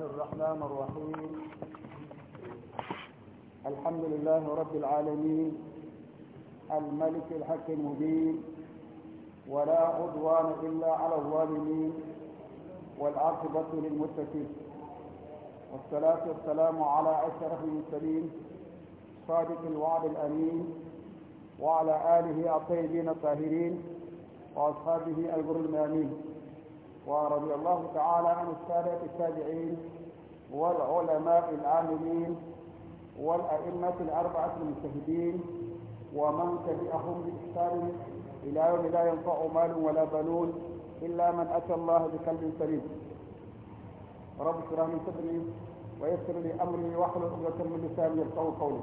الله الرحمن الرحيم الحمد لله رب العالمين الملك الحق المبين ولا عدوان إلا على الظالمين والعاقبة للمتقين والصلاة والسلام على أشرف المرسلين صادق الوعد الأمين وعلى آله الطيبين الطاهرين وأصحابه الغر الميامين ورضي الله تعالى عن السادة التابعين والعلماء العاملين والأئمة الأربعة المجتهدين ومن تبعهم بإحسان إلى يوم لا ينفع مال ولا بنون إلا من أتى الله بقلب سليم رب اشرح لي صدري ويسر لي أمري واحلل عقدة من لساني يفقه قولي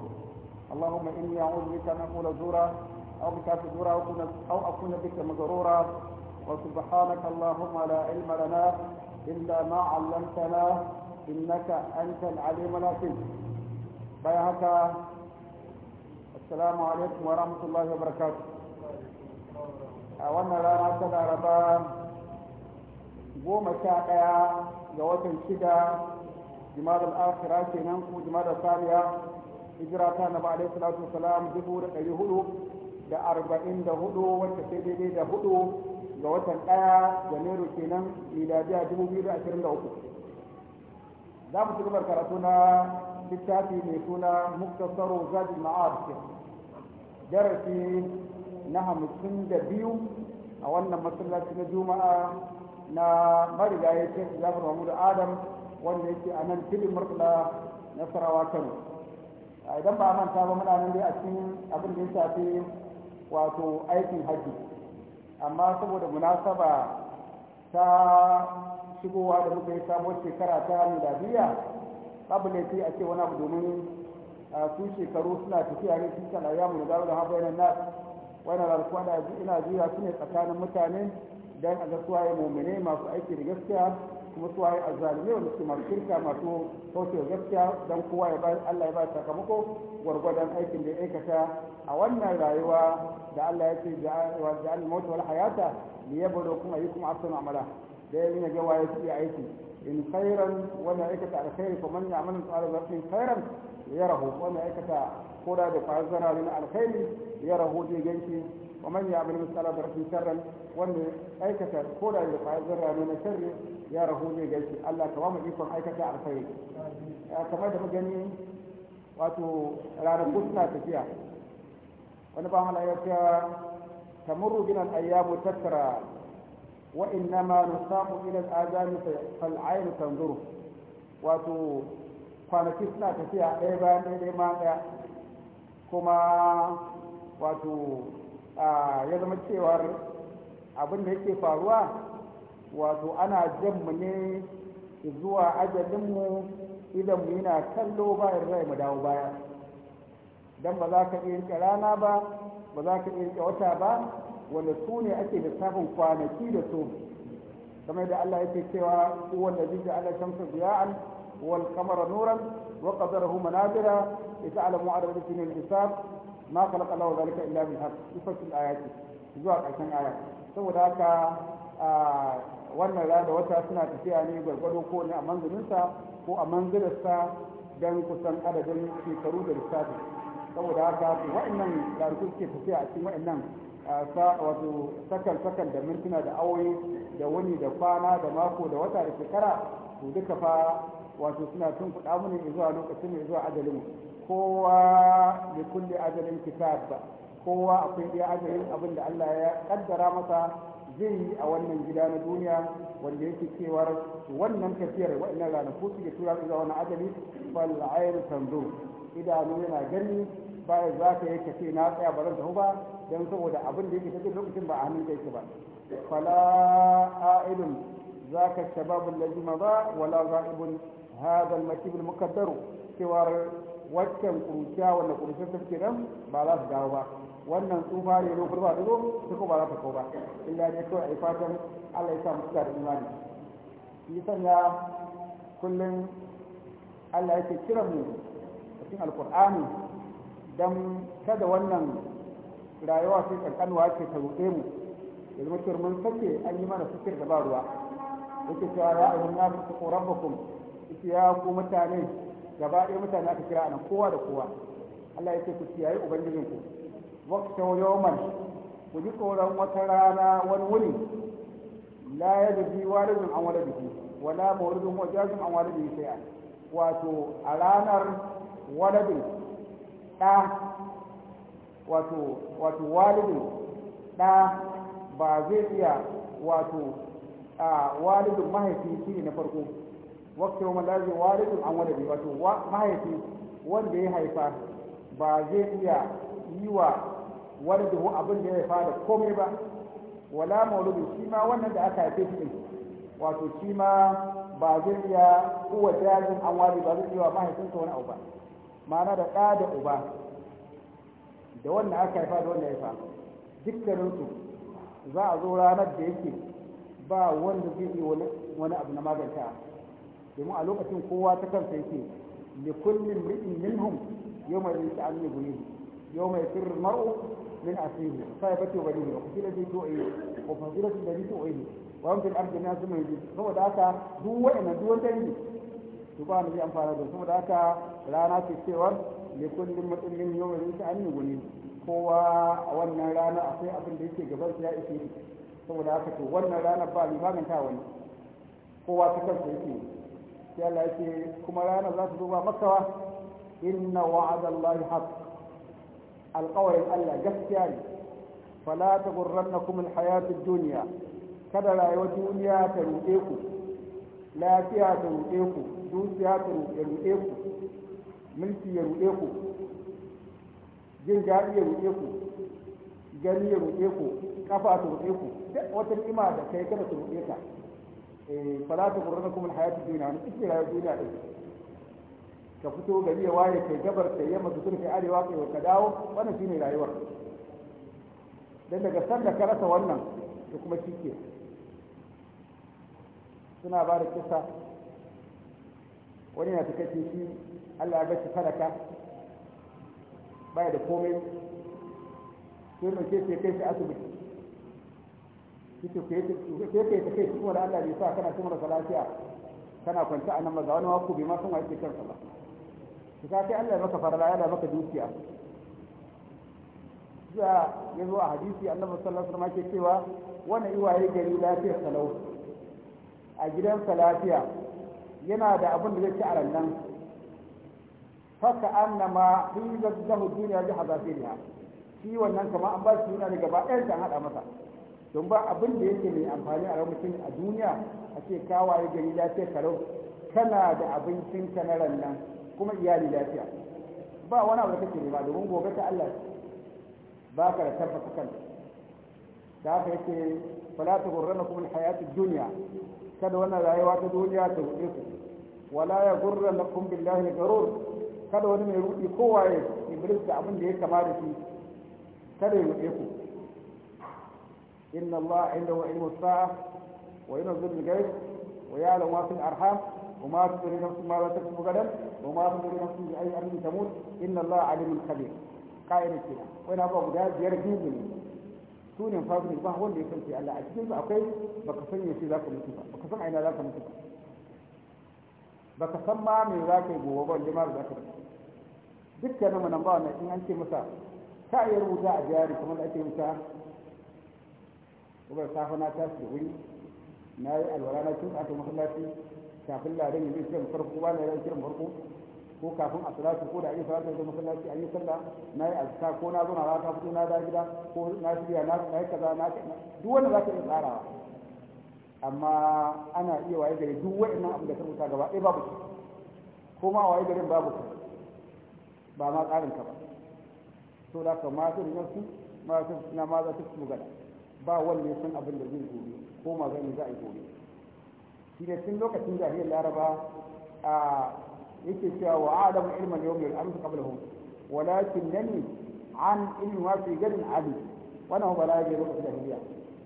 اللهم إني أعوذ بك أن أقول زورا أو بك زورا أو أكون بك مغرورا وسبحانك اللهم لا علم لنا إلا ما علمتنا إنك أنت العليم الحكيم بيهك السلام عليكم ورحمة الله وبركاته أولنا لا نعتد عربا goma sha ɗaya ga watan shida jimar al'akira kenan ko jimar saniya hijira ta na ba da hudu da arba'in da hudu wacce sai daidai da hudu ga watan ɗaya janairu kenan miladiya dubu biyu da ashirin da uku za mu ci gaba karatu na littafi mai suna muktasaru zaji ma'ad darasi na hamsin da biyu a wannan masallaci na juma'a na marigayi za jafar mahmud adam wanda yake a nan tilin murtala sarawa kano idan ba a manta ba muna nan dai a cikin abin da ya shafi wato aikin hajji amma saboda munasaba ta shigowa da muka yi samun shekara ta miladiya babu laifi a ce wani abu domin su shekaru suna tafiya ne cikin ayyamu da zaru da haɓa na na wani rarkuwa da ina juya su ne tsakanin mutane don a ga ya mummune masu aiki da gaskiya kuma su waye azzalimai wanda suke masu shirka masu kaucewa gaskiya dan kowa ya bayar Allah ya ba sakamako gwargwadon aikin da ya aikata a wannan rayuwa da Allah ya ce ja'al mautu wal hayata liyabluwakum ayyukum ahsanu amala da ya ga waye su aiki in khairan wanda aikata alkhairi fa man ya'malu tsara zarfin khairan yarahu wanda aikata koda da fazara na alkhairi yarahu zai ganshi wa man ya'malu tsara zarfin sharran wanda aikata koda da fazara na sharri ya rahu zai gaishe Allah ka ba mu ikon aikata Ya kamar da mu gani wato kusa suna tafiya wani ba hala ya ce muru bin al tattara wa innama nusamu ila al fal tanzuru wato kwanaki suna tafiya ɗaya bayan ɗaya ɗaya ma ɗaya kuma wato ya zama cewar abin da yake faruwa wato ana jan mu ne zuwa ajalinmu idan mu yana kallo bayan rai mu dawo baya dan ba za ka iya rana ba ba za ka iya wata ba wanda su ne ake lissafin kwanaki da su kamar da Allah yake cewa huwa allazi ja'ala shamsa diya'an wal qamara nuran wa qadarahu manazila lita'lamu adada sinin al-hisab ma khalaqa Allahu dhalika illa bil haqq sifatu al zuwa ƙarshen aya saboda haka ah, wannan da wata suna tafiya ne gwargwado ko ne a manzuninsa ko a manzilarsa don kusan adadin shekaru da lissafi saboda haka wa'annan ranaku suke tafiya a cikin wa'annan wato sakan sakan da mintuna da aure da wani da kwana da mako da wata da shekara su duka fa wato suna tun kuɗa mu ne zuwa lokacin mai zuwa ajalin kowa da kulle ajalin kitab kowa akwai iya ajalin abin da Allah ya kaddara masa zai yi a wannan gida na duniya wanda yake cewar wannan tafiyar waɗannan ranaku suke tura zuwa wani ajali bal ayru tanzu idanu yana gani bayan za ka yake ce na tsaya ba zan tafi ba don saboda abin da yake tafi lokacin ba a hannun ka yake ba fala a'idun za ka shababu lalzi ma ba wala za'ibun hadal makibul mukaddaru cewar waccan kuruciya wanda kuruciya ta nan ba za su dawo ba wannan tsufa ne lokacin ba dugo ta ko ba za ta ko ba illa ne kawai a yi fatan Allah ya sa mu da imani shi sanya kullum Allah yake kira mu a cikin alkur'ani dan kada wannan rayuwa ce kankanuwa ke ta ruɗe mu ya zama mun sake an yi mana fikir da ba ruwa yake cewa ya ayyuhan nasu ko rabbakum yake ya ku mutane gaba ɗaya mutane aka kira anan kowa da kowa Allah yake ku kiyaye ubangijinku waqtahu yawman ku ji tsoron wata rana wani wuri la yajzi walidun an waladihi wala mawludun wajazun an waladihi shay'an wato a ranar waladin ɗa wato wato walidin ɗa ba zai iya wato a walidin mahaifi shi ne na farko wakti wa malazi walidin an walidi wato mahaifi wanda ya haifa ba zai iya yi wa waladahu abin da ya fara komai ba wala mauludin shi ma wannan da aka haife shi wato shi ma ba zai iya kuwa jajin an wari ba zai iya wa mahaifinsa wani abu ba ma'ana da ɗa da uba da wannan aka haifa da wannan haifa su za a zo ranar da yake ba wanda zai iya wani abu na maganta domin a lokacin kowa ta kansa yake likullin ri'in minhum yawma rizqi an guri. يوم يفر المرء من أخيه فيبت بديه وفصيلة ذي وفصيلة وفضيلة الذي سوء وهم في الأرض الناس ما يجيب ثم دعاك دو إن دو تاني سبحان لي أنفانا دو ثم دعاك لا ناس يستوى لكل مرء من يوم يجي أن يغني هو وانا لا نأخي أبن ديكي قبل لا إشي ثم دعاك وانا لا نبالي ما من تاوني هو تكلم يجي يلا يجي كما لا نزاف دوبا مكة إن وعد الله حق alƙawarin Allah gaskiya ne fala ta na kuma hayatun duniya kada rayuwar duniya ta ruɗe ku lafiya ta ruɗe ku dukiya ta ruɗe ku mulki ya ruɗe ku jin daɗi ya ruɗe ku gani ya ruɗe ku kafa ta ruɗe ku duk wata ni'ima da kai kada ta ruɗe ka fala ta na kuma hayatun duniya wani ita rayuwar duniya ɗin ka fito gari ya waye kai gabar kai yamma su kai arewa kai ka dawo wannan shine rayuwar dan daga san ka rasa wannan to kuma shike suna ba da kisa wani na take shi Allah ya ga shi faraka baya da komai sai mun ce kai shi asibiti kike ke ke kai kuma da Allah bai sa kana cikin lafiya kana kwanta a nan maza wani wako bai ma san wa yake kansa ba ki ka kai Allah maka farla yana maka dukiya ya yazo a hadisi Annabi sallallahu alaihi wasallam cewa wani iwaye gari lafiya salau a gidan lafiya yana da abin da zai ci a rannan faka annama hizat lahu dunya bi hazafiriha shi wannan kamar an ba shi duniya ne gaba ɗaya an haɗa masa don ba abin da yake mai amfani a mutum a duniya a ce kawaye gari lafiya salau kana da abincin kana rannan kuma iyali lafiya ba wani abu da kake nema domin gobe ta Allah ba ka da tabbata kanka da haka yake fala ta gurrana kuma hayatu duniya kada wannan rayuwa ta duniya ta ruɗe ku wala ya gurra lakum billahi garur kada wani mai ruɗi kowaye iblis da abin da ya kama da shi kada ya ruɗe ku inna Allah indahu ilmu sa'a wa yunzilu al-ghayb wa ya'lamu ma fil arham وما تدري نفس ما لا تكسب غدا وما تدري نفس باي امر تموت ان الله عليم خبير قائل كده وانا ابو غدا بiyar biyu ne su ne fadin ba wanda ya sanci Allah a cikin su akwai baka san yace za ka mutu ba baka san aina za ka mutu ba baka san ma me za ka yi gobe ba limar za ka mutu dukkanin mu nan ba wannan in an ce masa ka iya rubuta a jari kamar da ake rubuta kuma safa na tashi da wuri na yi alwala na cin aka masallaci kafin ladan ya zai kiran farko ba na yaran kiran farko ko kafin a salatu ko da a yi salatu da masallaci a yi sallah na yi azka ko na zauna rata fito na da gida ko na shirya na yi kaza na duk wanda za ka yi tsarawa amma ana iya waye gari duk nan abin da ka rubuta gaba ɗaya babu ko ma waye garin babu ka ba ma tsarin ka ba so da ka masu nasu masu na ma za su gada ba wanda ya san abin da zai gobe ko ma zai za a yi gobe shi ne tun lokacin jahiliyar laraba a yake cewa wa adam ilman mai amsa kabla hu walakin nani an ilmi ma fi gadin ali wannan ba la ya lokacin jahiliya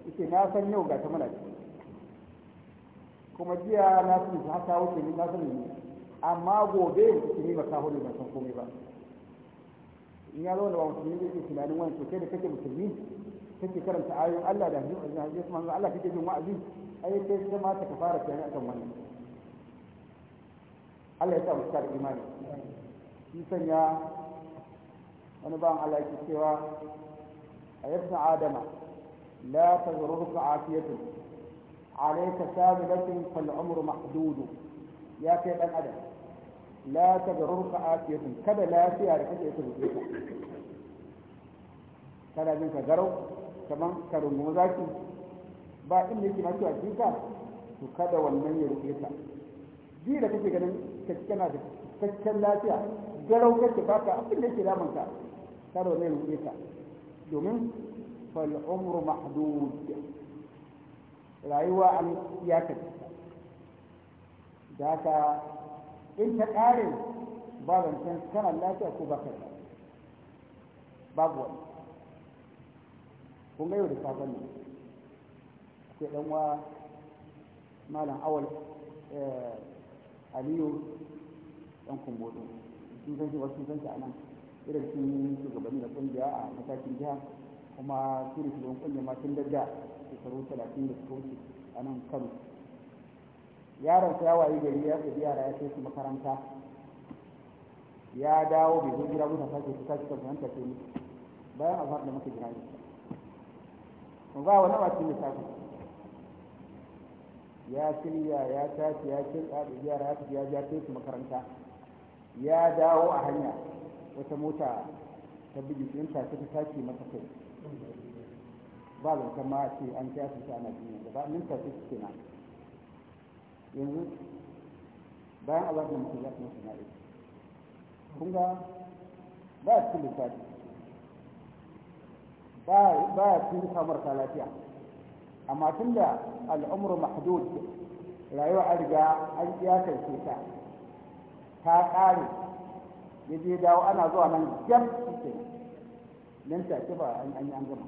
yake na san yau ga ta mana kuma jiya na san ta haka wuce ni na san ni amma gobe ni ba ka hudu ban san komai ba in ya zo da ba musulmi zai yi tunanin wani to da kake musulmi kake karanta ayoyin Allah da hadisin manzon Allah kake jin wa'azi ai kai sai ma ta fara kenan akan wannan Allah ya sa mu tsara imani shi sanya wani ban Allah yake cewa a yabna adama la tazurruka afiyatun alayka sabilatun fal umru mahdud ya kai dan adam la tazurruka afiyatun kada lafiya da kake so ka kada jin ka garau kaman karungu zaki ba inda yake masu hakika to kada wannan ya rufe ta ji da kake ganin kakkana da kakkan lafiya garau kake baka abin da yake Ka kada wannan ya rufe ta domin fal umru mahdud rayuwa an ya da daga in ta kare ba zancen kana lafiya ko ba kai babu wani kun ga yau da sabon ne ke dan wa malam awal aliyu dan kumbodo sun san shi wasu sun san shi a nan irin sun shugabanni da kungiya a matakin jiha kuma su ne shugaban ma matan dadda shekaru talatin da suka wuce a nan kano yaron sa ya gari ya tafi yara ya kai su makaranta ya dawo bai zo gida mutan sake su sake kan ta ce ni, bayan azhar da muka jira ne ba wani ne ta lissafin ya shirya ya tashi ya kirka da yara ya tafi ya ja kai su makaranta ya dawo a hanya wata mota ta bugi ɗin ta ta tashi masa kai ba zancen ma a ce an kai ta ana jinya gaba ɗin ta ce suke na yanzu bayan Allah da mutum ya kuma sana'i kun ga ba su lissafi ba su cikin kamar ta lafiya amma tunda al'umru mahdud rayuwa an riga an iyakance ta ta ƙare ya je dawo ana zuwa nan jam suke nan take ba an yi an gama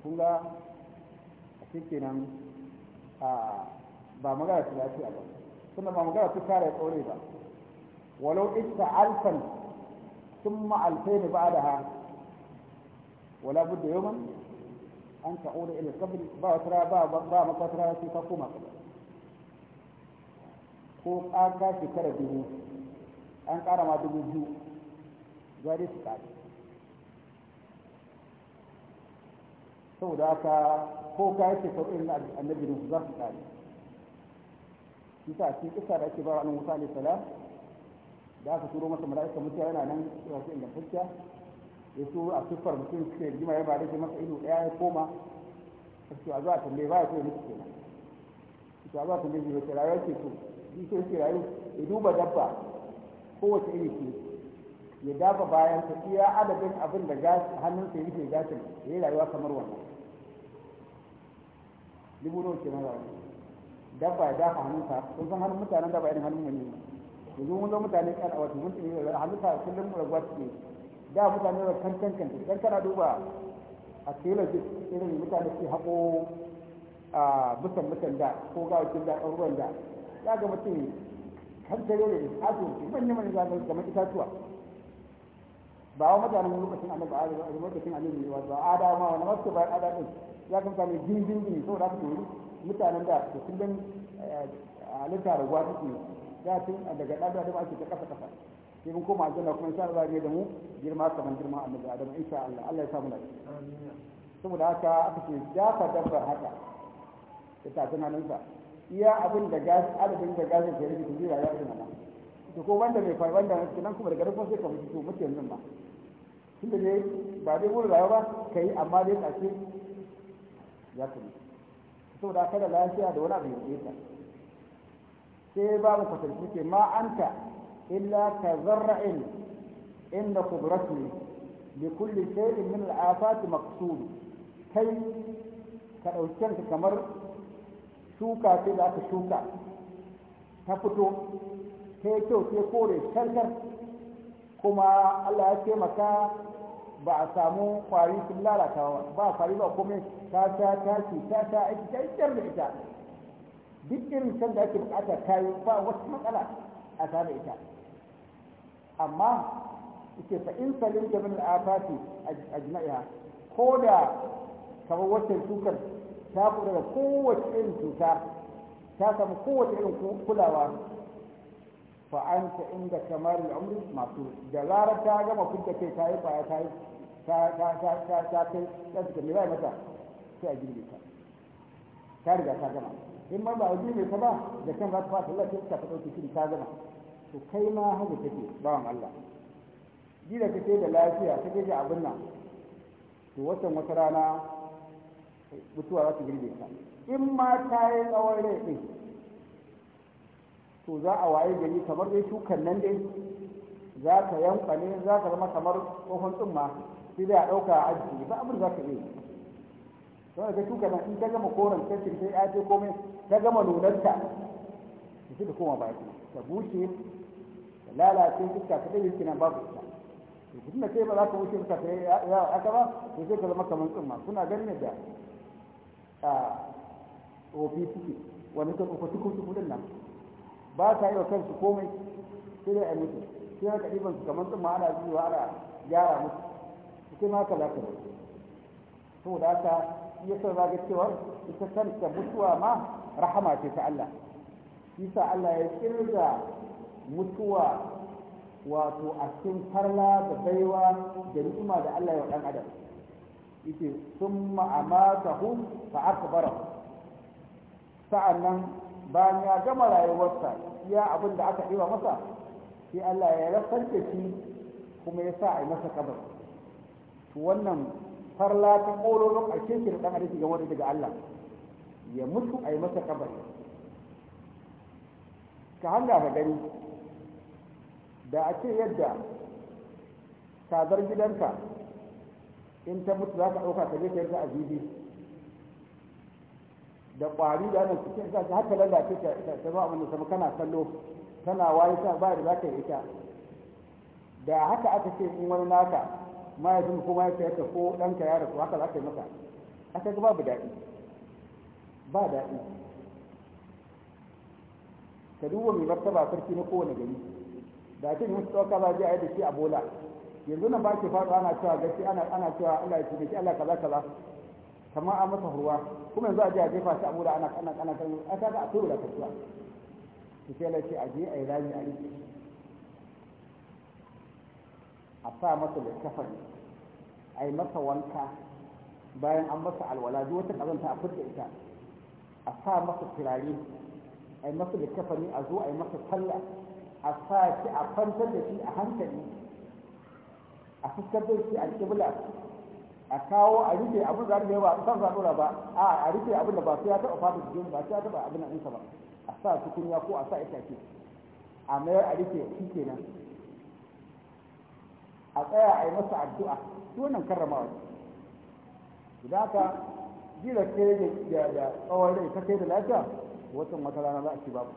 Kunga a cikin nan ba magana ta lafiya ba kuma ba magana ta kare tsore ba walau ita alfan ba da ha? Wala بد يوما an ta'uda ila qabri ba wata ba ba makwatara sai ka koma kabari ko ka shekara dubu an ƙara ma dubu biyu za dai su ƙare saboda haka ko ka yi shekaru irin annabi nuhu za su ƙare shi sa cikin kisa da ake bawa annabi musa alaihi salam da aka turo masa mala'ika mutuwa yana nan yana cikin ingantacciya ya so a siffar mutum cikin rigima ya ba da masa ido daya ya koma to a za a tambaye ba ya so ya mutu kenan to a za a tambaye shi wata rayuwa ke so shi so ke rayu ya duba dabba kowace iri ke ya dafa bayan ta iya adadin abin da hannunsa ya rufe gashin ya yi rayuwa kamar wannan dubu nawa kenan rayuwa dabba ya dafa hannunsa kun san hannun mutanen dabba irin hannun wani ne yanzu mun zo mutane kan a wata mun tsaye hannunsa kullum raguwa suke da mutane ba kan cancanta idan kana duba a shi irin mutane su hako a bisan mutan da ko ga gawakin da ɗan da ya ga mutum kan tare da itatuwa manyan manyan zanen kamar itatuwa ba wa mutane ne lokacin annabi adam a lokacin annabi wato adama wani masu bayan adam din ya kamata mai jinjin din saboda haka yi mutanen da da kullum eh, halitta raguwa suke da tun daga ɗan adam ake ta kasa kasa sai mun koma aljanna kuma insha Allah ne da mu girma kamar girma annabi Adam insha Allah Allah ya samu lafiya amin saboda haka aka ce ya ka dabbar haka ta ta nan sa iya abin da gas adadin da gas ke rike jira ya ina nan to ko wanda mai fai wanda nan kuma daga farko sai ka mutu to mutu yanzu ba tunda ne ba dai wurin rayuwa kai amma dai kace ya kuma saboda kada lafiya da wani abu ya ta sai babu kwatanci ke ma anta إلا كزرع إن قدرته بكل شيء من الآفات مقصود كي كأوشنك كمر shuka ce da aka shuka ta fito ta yi kyau sai kore sharkar kuma allah ya taimaka ba a samu kwari sun lalata ba kwari ba kuma ta ta ta ce ta ta aiki ta duk irin can da ake ta ba wata matsala ita amma yake fa in salim da min afati ajma'iha ko da kamar wata tukar ta kuɗa da kowace irin tuta ta samu kowace irin kulawa fa an ta inda kamar al'umri masu da zarar ta gama fidda kai ta yi kwaya ta yi ta ta ta ta ta kai ta suka mai mata sai a girbe ta ta riga ta gama in ma ba a girbe ta ba da kan za ta fata lafiya ta ɗauke shiri ta gama to kai ma haka take bawan Allah ji da ce da lafiya ta ji abin nan to watan wata rana mutuwa za ta girbe ka in ma ta yi tsawon rai ɗin to za a waye gani kamar dai shukan nan dai za ka yanka ne za ka zama kamar tsohon tsumma sai dai a ɗauka a ajiye ba abin za ka yi don ka shuka nan in ta gama koren kashin sai ya ce komai ta gama nunarta ta koma baki ta bushe lalace fuska ta ɗaya kenan babu ita to kuma kai ba za ka wuce fuska ta ya aka ba to sai ka zama kamar tsumma kuna ganin da a ofi suke wani ta tsofa tukun tukun nan ba ta yi wa kansu komai sai dai a mutu sai ka ɗiban su kamar tsumma ana zuwa ana gyara musu sai ma ka za ka wuce to da haka iya son zaga cewa ita kanta mutuwa ma rahama ce ta Allah shi sa Allah ya kirga mutuwa wato a cikin farla da baiwa da ni'ima da Allah ya dan adam yake summa amatahu fa akbara sa'annan bayan ya gama rayuwarsa iya abin da aka yiwa masa sai Allah ya rasar shi kuma ya sa a yi masa kabar to wannan farla ta ƙororon a cikin ɗan adam ga wani daga Allah ya mutu a yi masa kabar ka hanga ka gani da a ce yadda kazar gidanka in ta mutu za ka ɗauka ka je ka yarda a jibi da ƙwari da nan cikin ta haka lalace ta ba abin da sama kana kallo tana wayi ta ba da za ka yi ita da haka aka ce in wani naka ma ya ko mahaifiyarka ko ɗanka ya rasu haka za ka yi maka aka ga babu daɗi ba daɗi ka duba mai martaba sarki na kowane gari da kin yi dauka ba zai da shi a bola yanzu nan ba ki faɗo ana cewa gashi ana ana cewa Allah ya ci gashi Allah kaza kaza kamar an masa ruwa kuma yanzu a je a jefa shi a bola ana ana ana kan a ga a tura da kasuwa ki sai lace a je a yi rami a rike a sa masa littafin a yi masa wanka bayan an masa alwala duk wata kazanta a furta ita a sa masa turare a yi masa littafin a zo a yi masa sallah a sa a kwantar da shi a hankali a fuskantar shi a kibla a kawo a rufe abin da ya ba san zaɓura ba a a rufe abin da ba sai ya taɓa fata jikin ba sai ya taɓa abin nan ba a sa tukunya ko a sa itace a mayar a rufe shi kenan a tsaya a yi masa addu'a shi wannan karramawa ce idan ka jira kai da tsawon rai ta kai da lafiya watan wata rana za a ci babu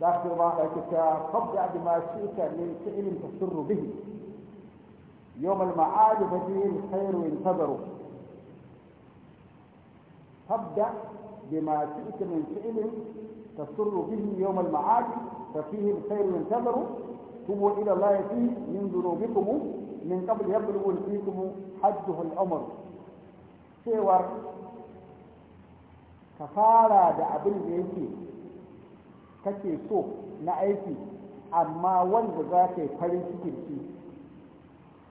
ذاك رأيتك قبل بما شئت من فعل تسر به يوم المعاد فيه الخير ينتظر فابدأ بما شئت من فعل تسر به يوم المعاد ففيه الخير ينتظر ثم إلى الله فيه من ذنوبكم من قبل يبلغ فيكم حده الأمر سيور كفارة دعبل بيتي kake so na aiki amma wanda za ka yi farin cikin shi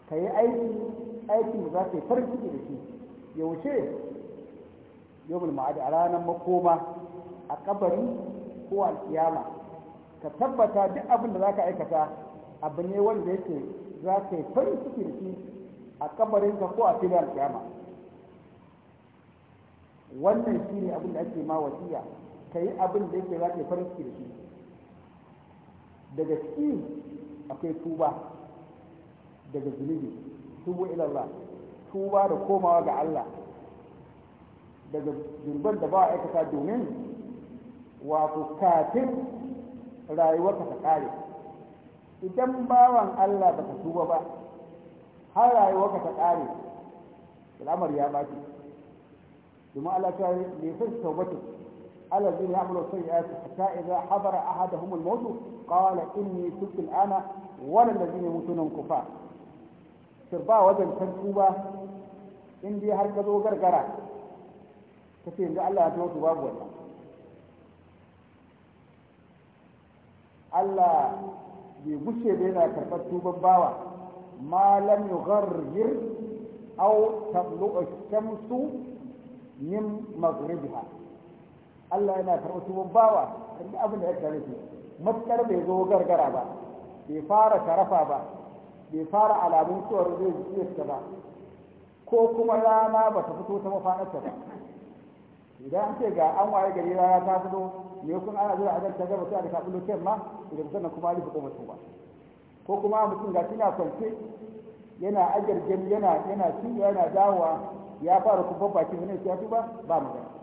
ka yi aiki aikin da za ka yi farin ciki da shi yaushe yau ma'adi a ranar makoma a kabari ko alkiyama ka tabbata duk abin da za ka aikata abu ne wanda yake za ka yi farin ciki da shi a kabarinka ko a filin alkiyama wannan shi ne abin da ake ma wasiya ka yi abin da yake za ka farin ciki da shi daga ciki akwai tuba daga zunubi tubu ilallah tuba da komawa ga Allah daga zurban da ba a aikata domin wato kafin rayuwarka ta kare idan bawan Allah baka tuba ba har rayuwarka ta kare al'amari ya baki domin Allah ta yi ne sun الذين يعملوا السيئات حتى إذا حضر أحدهم الموت قال إني تبت الآن ولا الذين يموتون كفار شربا وجن تنكوبا إن دي هركزوا غرغرة كثير قال الله أتوت باب ولا الله بيبشي بينا كربت توبا باوا ما لم يغرغر أو تطلع الشمس من مغربها Allah yana karɓar tuban bawa duk abin da ya tare shi matukar bai zo gargara ba bai fara sharafa ba bai fara alamun cewar zai ba ko kuma rana ba ta fito ta mafanarta ba idan an ce ga an waye gari rana ta fito me kun ana zuwa a ta gaba sai a da kafin lokacin ma idan sannan kuma alifu ko mutum ba ko kuma mutum ga tana kwance yana ajar gani yana yana ciwo yana dawowa ya fara kuma bakin ne ya tuba ba mu gani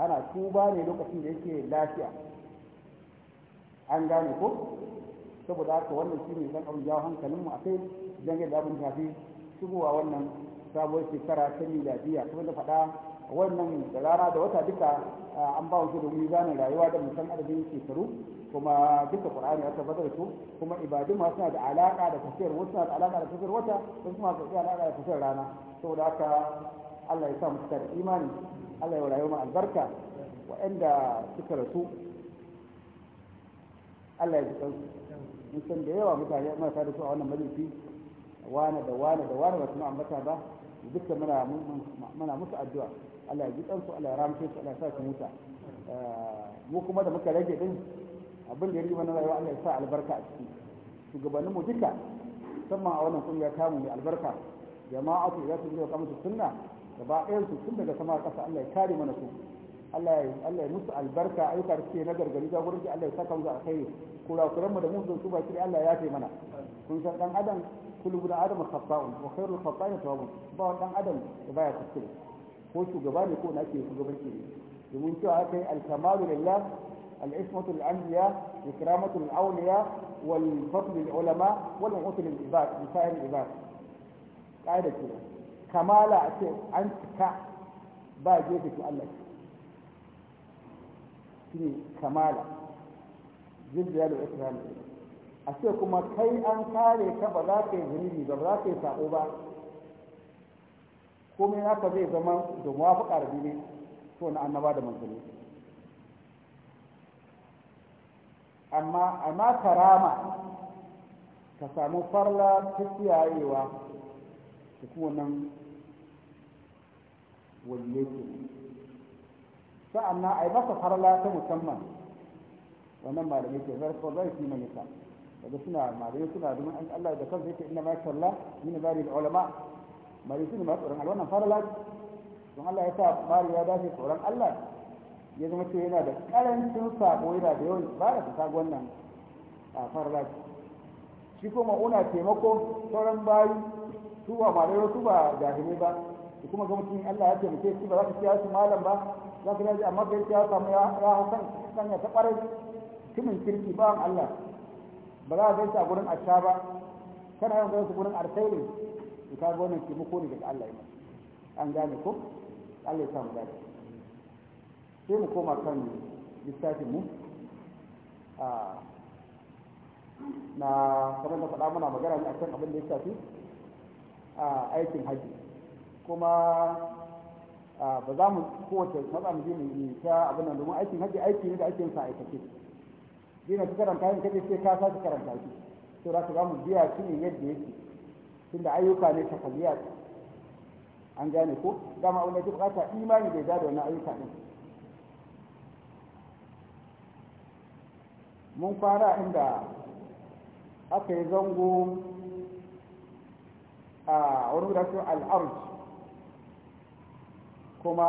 ana tuba ne lokacin da yake lafiya an gane ko saboda haka wannan shi ne zan abin jawo hankalinmu a kai zan yadda abin tafi shigowa wannan sabuwar shekara ta miladiya kuma da faɗa wannan da rana da wata duka an ba wasu domin zanen rayuwa da musan adadin shekaru kuma duka ƙur'ani ya tabbatar su kuma ibadu ma suna da alaƙa da tafiyar wata suna da kuma suna da da tafiyar rana saboda haka Allah ya sa mu da imani Allah ya rayu mu albarka waɗanda suka rasu Allah ya ji kansu mun san da yawa mutane marasa da su a wannan majalisi wane da wane da wane ba su ambata ba dukkan muna muna musu addu'a Allah ya ji kansu Allah ya ramshe su Allah ya sa su mutu eh, mu kuma da muka rage din abin da ya rima na rayuwa Allah ya sa albarka a ciki shugabannin mu duka musamman a wannan kungiya mu mai albarka jama'atu ya tunzo kamar sunna gaba ɗayan su tun daga sama ƙasa Allah ya kare mana su Allah ya Allah ya musu albarka ayyuka da suke na gargari ga gurin Allah ya saka mu a kai kurakuran mu da mun su ba shi Allah ya taimana kun san dan adam kullu bin adam khata'un wa khairul khata'ina tawwabun ba dan adam da baya kuskure ko shugaba ne ko na ke shugabanci ne domin cewa aka yi alkamalu lillah al-ismatu lil-anbiya ikramatu lil-awliya wal fadlu lil-ulama wal 'usri lil-ibad li sa'ir ibad qaida kenan kamala a ce an cika ba gefe to Allah shi ne kamala jirgiya da wasu a ce kuma kai an kare ka ba za ka yi zunubi ba za ka yi sabo ba komai haka zai zama da muwafaƙa da bibi to na annaba da manzanni amma a na karama ka samu farla ta kiyayewa da kuma nan waliye ke sa'annan a yi masa farla ta musamman wannan malami ke zai ko zai fi mai yasa daga suna malami suna domin an Allah da kansa yake inna ma sha Allah min bari da ulama malamai suna ma tsoron Allah farla don Allah ya sa bari ya dace tsoron Allah ya zama cewa yana da karancin sabo yana da yawan ibada ta kaga wannan a farla shi kuma una taimako sauran bayi su ba malamai su ba ba da kuma ga mutum Allah ya taimake shi ba za ka su malam ba za ka daji amma kai ya samu ya hasan kan ya tabare kimin kirki ba Allah ba za ka gaisa a gurin asha ba kana yawan gaisa gurin arsaili in ka gona wannan muku ne daga Allah ya an gane ko Allah ya samu dace sai mu koma kan littafin mu na kamar da faɗa muna magana ne akan abin da ya shafi aikin haji kuma ba za mu kowace matsa mu je mu ta abin nan domin aikin hajji aiki ne da ake yin sa aikace dina ta karanta yin kaje sai ka sake karanta shi to za su za mu biya shi ne yadda yake da ayyuka ne ta takalliyat an gane ko dama abin da ke bukata imani bai da wannan ayyuka ne mun fara inda aka yi zango a wurin da su al'arji kuma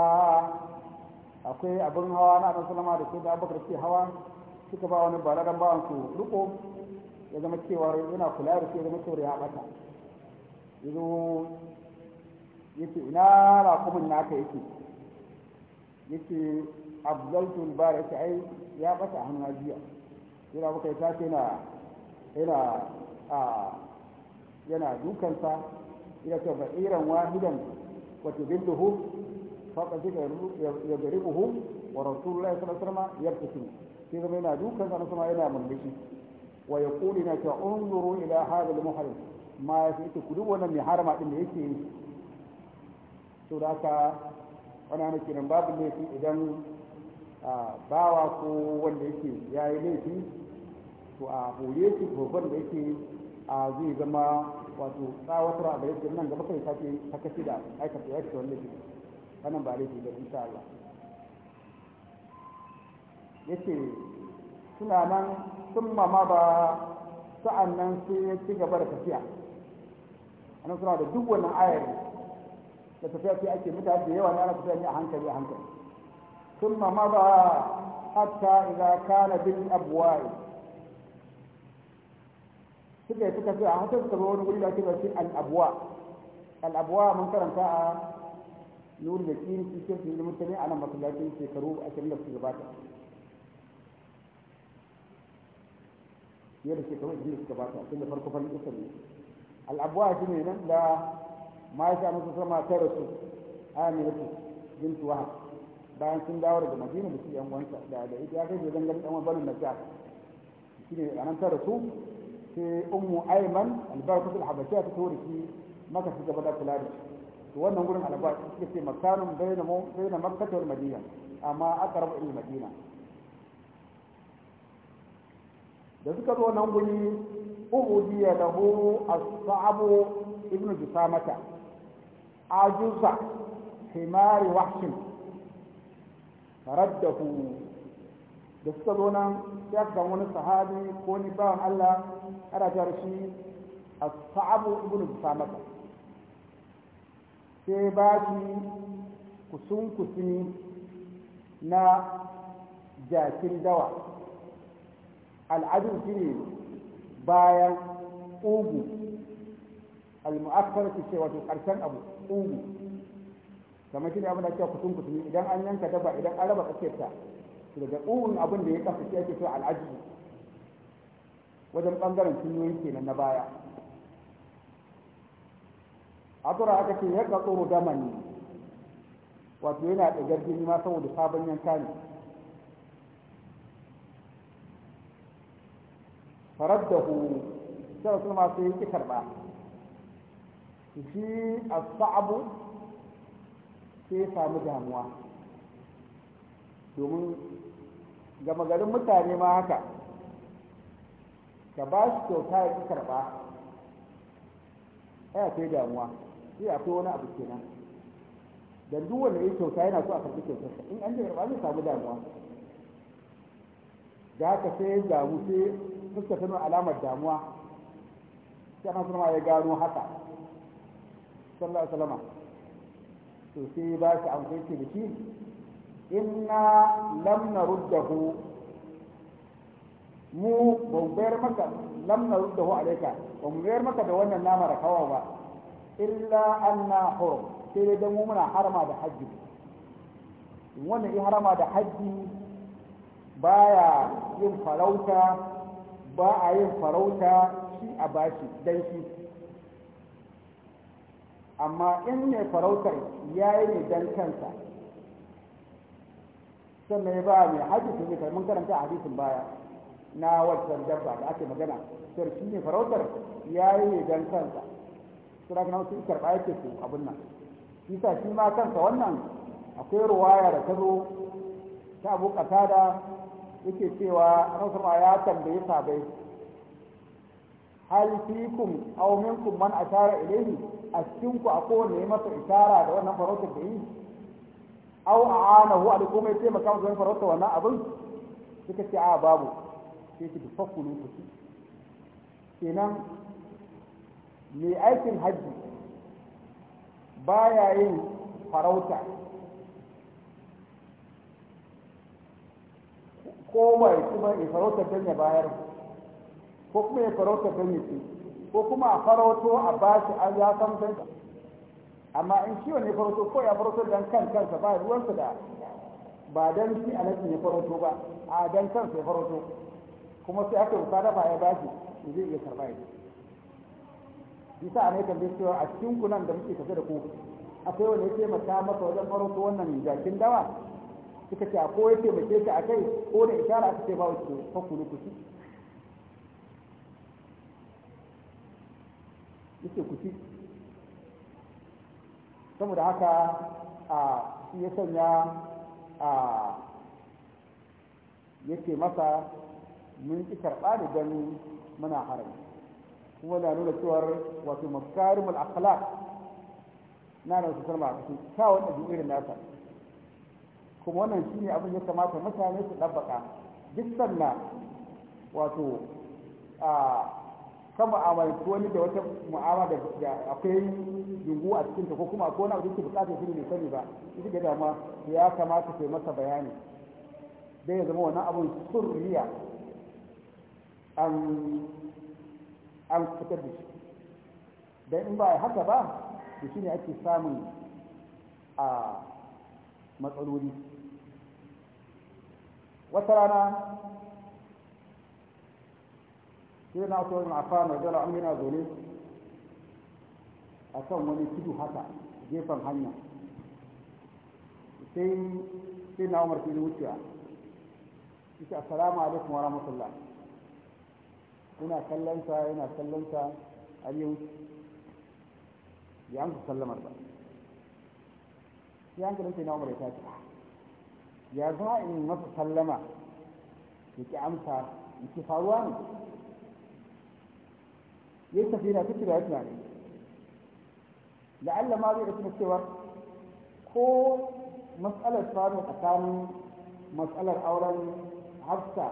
akwai abin hawa na ɗan salama da sai da abubakar ke hawa suka ba wani balaran bawan su riko ya zama cewa yana kula da su ya zama cewa ya yanzu ya ce ina naka yake yace ba da yace ai ya bata a hannun jiya yana muka ya ce na yana a yana dukansa ya ce iran wahidan wato duhu فقد يضربهم ورسول الله صلى الله عليه وسلم يبتسم sai zama yana dukan sa sama yana mulki wa yaqulu na ta'unzuru ila hadha al-muharram ma fi ku duk wannan mai harama din da yake yi to da wannan ne kiran babu laifi idan wa ko wanda yake yayi laifi to a hore shi gogon da yake a zai zama wato tsawatar a da shi nan gaba kai sake sakaci da aikata aikata wannan laifi wannan ba laifi ba insha Allah yace suna nan sun mama ba sa'an nan sai ya ci gaba da tafiya anan suna da duk wannan ayar da tafiya sai ake mutane da yawa na ana tafiya ne a hankali a hankali sun mama ba hatta idza kana bil abwa'i suka yi suka fi a hankali suka zo wani wuri da ake da shi al-abwa al-abwa mun karanta a nuru da kiri cikin su mutane a nan masallacin shekaru ashirin da su gabata fiye da gabata al'abuwa shi ne nan da ma'aisha musu sama ta rasu aminatu bintu wahab bayan sun dawo daga madina da su yan uwanta da da ita ya kai da zangar ɗan wani ne a nan ta rasu sai ummu aiman ta maka su da bada da to wannan gurin alba ya ce makanun bayna na makkah madina amma rabu ila madina da suka zo nan guri ubudiya lahu as-sa'abu ibn bisamata ajuza himari wahshin raddahu da suka zo nan ya ga wani sahabi ko ni bawan Allah ana jar shi as-sa'abu ibn jisamata sai ba shi kusun na jakin dawa al'adun shi bayan ugu al-mu'akkar ce wato ƙarshen abu ugu kamar shi ne abin da ke kusun kusuni idan an yanka daba idan an raba su daga ugun abin da ya kasa shi ake so al'adu wajen ɓangaren cinyoyi kenan na baya abura aka ce ya katsoro dama ne wato yana da jini ma saboda sabon yanka ne farar da hu sai wasu masu yi yake ba shi a sa'abu sai samu damuwa domin gama garin mutane ma haka ka ba shi kyauta ya ƙi karɓa ya ce damuwa sai akwai wani abu kenan dan duk wanda yake kyauta yana so a karɓi kyautarsa in an ji karɓa zai samu damuwa da haka sai ya damu sai fuska ta alamar damuwa sai an sama ya gano haka sallallahu alaihi to sai ba shi an kai shi inna lam naruddahu mu ban bayar maka lam naruddahu alayka bayar maka da wannan namar da ba illa anna hurum sai dai dan muna harama da haji wanda ya harama da haji baya yin farauta ba a yin farauta shi a bashi dan shi amma in ne farautar ya yi ne dan kansa sannan ya ba mai haji su zai mun karanta a hadisin baya na wancan dabba da ake magana sarki ne farautar ya yi ne dan kansa kira wasu ikar karba yake ku abin nan isa shi ma kansa wannan akwai ruwaya da ta zo ta abu da yake cewa rasulullah ya tambaye sabai hal kun aw minkum man ashara ilayhi a cikin ku akwai wanda ya masa isara da wannan farauta da yi aw a'anahu a kuma ya taimaka masa farauta wannan abin suka ce a babu sai ki fakulu ku kenan mai aikin hajji baya yin farauta ko mai kuma ya farauta don ya bayar ko kuma ya farauta don ya ce ko kuma a farauto a ba shi an ya san don amma in shi wani farauto ko ya farauto don kan kansa ba ruwansa da ba don shi a nan ya farauto ba a don kansa ya farauto kuma sai aka yi ba ya ba shi zai iya karɓa ya ce yasa ne kan cewa a cikin ku nan da muke tafe da ku akwai wanda ya taimaka masa wajen to wannan jakin dawa suka ce ko ya taimake shi a kai ko da ishara aka ce ba wa ce fakulu ku ci ku ci saboda haka a shi ya sanya a yake masa mun ki karɓa da gani muna haram kuma na nuna cewar wato al akhlaq na na su karma a cikin kyawun duk irin nasa kuma wannan shine abin ya kamata mutane su ɗabbaka duk sanna wato a kan ko wani da wata mu'amala da akwai dungu a cikin ta ko kuma akwai wani abu da yake bukatar shi ne sani ba ita ga dama ya kamata kai masa bayani dai ya zama wannan abun surriya an an fitar da shi dan in ba haka ba da shi ne ake samun a matsaloli wata rana sai na so na fara da an yana zaune a kan wani tudu haka gefen hanya sai sai na umar fili wucewa ita assalamu alaikum wa rahmatullah ina kallon sa yana kallon sa har ya wuce sallamar ba sai hankalin dace na umar ya tashi ya za in masa sallama ya ki amsa ya ki faruwa ne ya tafi na ta cigaba tunani la'alla ma zai rasu cewa ko matsalar faru tsakanin matsalar auren hafsa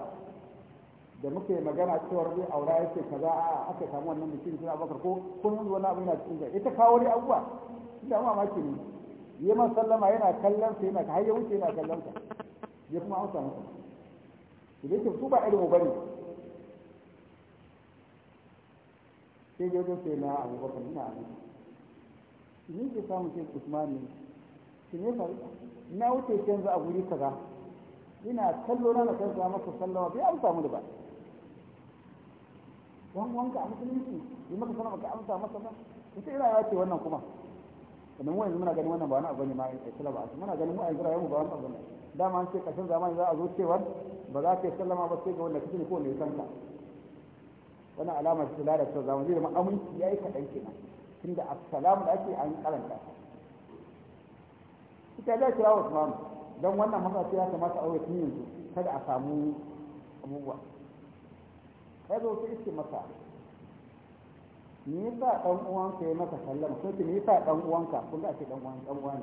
da muke magana cewar zai aura yake kaza a aka samu wannan mutum suna bakar ko kun yanzu wani abu yana cikin gari ita kawo ne abubuwa ina ma maki ne ya man sallama yana kallon sa yana har ya wuce yana kallon sa ya kuma amsa masa da yake su ba ba bane sai ya zo sai na abubakar ina a ni ke samu sai usmani shi ne fa na wuce canza a guri kaza ina kallo na na canza masa sallama bai amsa mu da ba wani wanka a musulunci yi maka sama ka amsa masa ba ita ina ya ce wannan kuma sannan mu yanzu muna ganin wannan ba wani abu ne ma ya kula ba muna ganin mu a yanzu rayuwar mu ba wani abu ne dama an ce ƙarshen zamani za a zo cewar ba za ka yi sallama ba sai ga wanda kake ko wanda ya san ka wannan alama ce da ta zamani da ma'amunci yayi kaɗan kenan tunda assalamu da ake an karanta ita da kira Usman Don wannan masa ya kamata aure tun yanzu kada a samu abubuwa ya zo ki iske masa me yasa dan uwanka ya maka sallama ko ki me yasa dan uwanka kun ga ce dan uwan dan uwan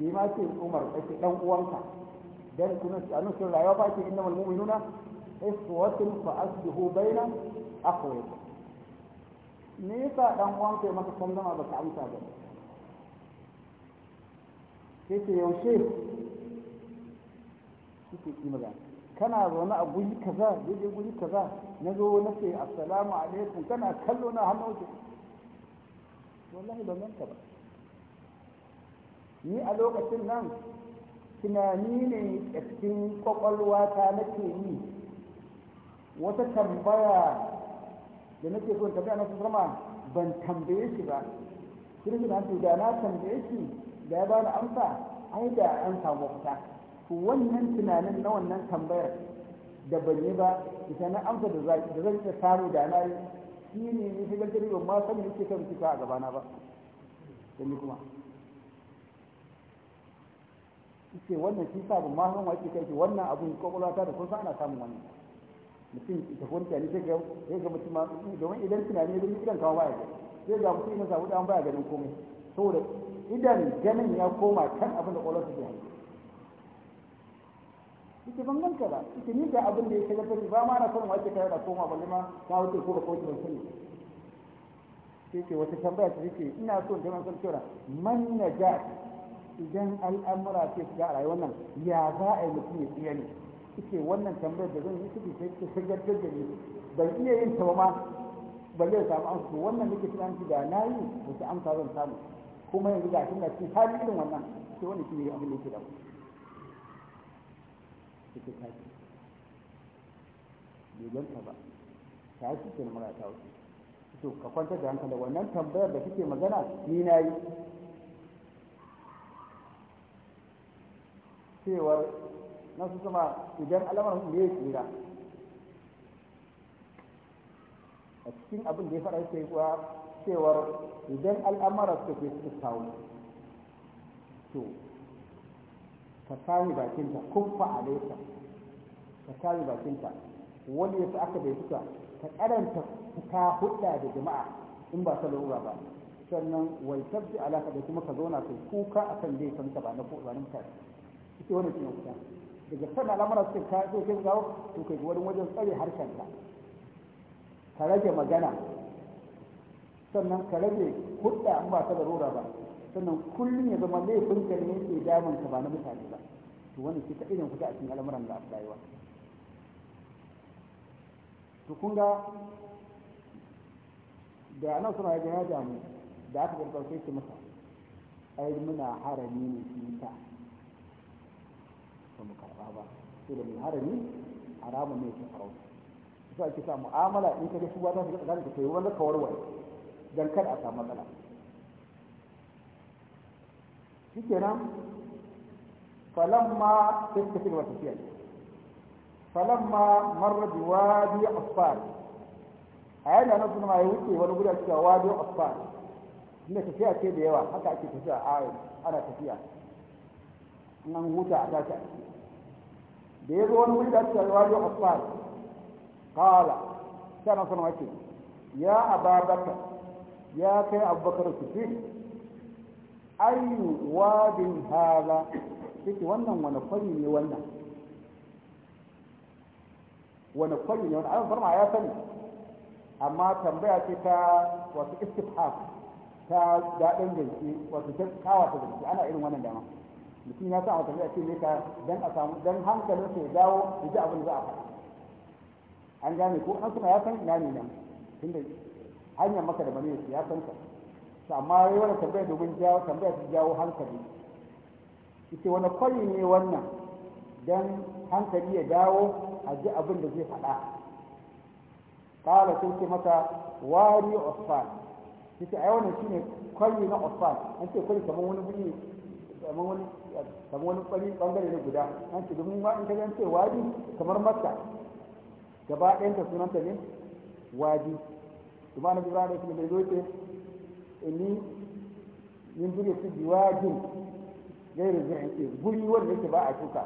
Bi ma ce Umar ake dan uwanka dan shi anan sun rayuwa ba ce innamal mu'minuna iswatun fa asbihu baina akhwaykum me yasa dan uwanka ya maka sallama ka amsa ba sai ce yaushe kike yi magana kana zaune a guri kaza daidai guri kaza na zo na ce assalamu alaikum kana kallo na hannun wuce wallahi ban yanka ba ni a lokacin nan tunani ne a cikin kwakwalwa ta nake yi wata tambaya da nake so tambaya na sama ban tambaye shi ba kirkin hantu da na tambaye shi da ya bani amsa ai da an samu fita to wannan tunanin na wannan tambayar da ban yi ba ita na amsa da zan iya samu da na yi shi ne ni fi gantari ba, ma sani yake kan cika a gabana ba dan kuma ce wannan shi sa ban ma san wa yake kai wannan abun ta da kun san ana samun wannan mutum ita kwanta ne sai ga sai ga mutum ma domin idan tunani ne idan kawo baya ga sai ga mutum ina samu dan baya ganin komai saboda idan ganin ya koma kan abin da kokolata ke hankali ita ban ganka ba ita ni da abin da ya shiga fari ba ma na son wace kai da koma balle ma ta wuce ko ba ko ban sani Ke ce wata tambaya ta ce ina so in jama'a san cewa man naja idan al'amura ke shiga a rayuwar nan ya za a yi mutum ya tsaya ne ke wannan tambayar da zan yi ke sai ta shigar da ni ban iya yin ta ma ba zai samu amsa wannan nake tunanci da na yi wata amsa zan samu kuma yanzu ga shi na ci hali irin wannan sai wani shi ne abin da yake da mu ita ta ce bai ganta ba ta yi ce na marata ta wuce to ka kwanta da hankali wannan tambayar da kike magana ni na yi cewar na su sama idan alamar ne ya tsira a cikin abin da ya fara sai kuwa cewar idan al'amara suka ke suka kawo to ka kame bakinta kuffa alaika ka kame bakinta Wani yasa aka bai fita ka karanta ka hudda da jama'a in ba ta lura ba sannan wai tabbi alaka da kuma ka zauna kai kuka akan dai san ba na ko ba nan kai ita wannan shine kuka daga sannan al'amura suke ka zo kin gawo to kai wani wajen tsare ka ka rage magana sannan ka rage hudda in ba ta lura ba sannan kullum ya zama laifin ka ne ke damun ka ba na mutane ba to wannan ke kaɗai irin kuka a cikin al'amuran da a rayuwa to kun ga da anan suna ya ya damu da aka karɓar sai ce masa ai muna harami ne shi ta ba mu karɓa ba sai da mu harami haramun ne shi farauta su ake sa mu'amala in ka ga shi ba za ka ga tsakanin ka kai wani kawarwa dan kada a samu matsala shikenan falamma sai suka cigaba tafiya falamma marra bi wadi asfar a yayin da nan suna ya wuce wani guda cewa wadi asfar inda tafiya ce da yawa haka ake tafiya a ana tafiya nan huta a tashi a ciki da ya zo wani wuri da cewa wadi asfar qala sai nan suna ya ababakar ya kai abubakar fi. ayu wadin hada yake wannan wani kwari ne wannan wani kwari ne wannan abin farma ya sani amma tambaya ce ta wasu istifhaf ta daɗin gaske wasu ta kawa ta gaske ana irin wannan dama mutum ya sa wata ce ne ka dan a samu dan hankalin sai dawo ya ji abin za a faɗa an gane ko an kuma ya san ina ne nan tunda hanyar maka da mani ya san ka amma yi wani tambaya domin jawo tambaya su jawo hankali ita wani kwari ne wannan don hankali ya dawo a ji abin da zai faɗa kala sun ce maka wari osfan ita ai wannan shine kwari na osfan an ce kwari kamar wani guri kamar wani kamar wani kwari bangare ne guda an ce domin ma in ka ce wadi kamar mata, gaba ɗayan ta sunanta ne wadi kuma na bi da shi inni min buri su biwajin gairu zai ce guri wanda yake ba a shuka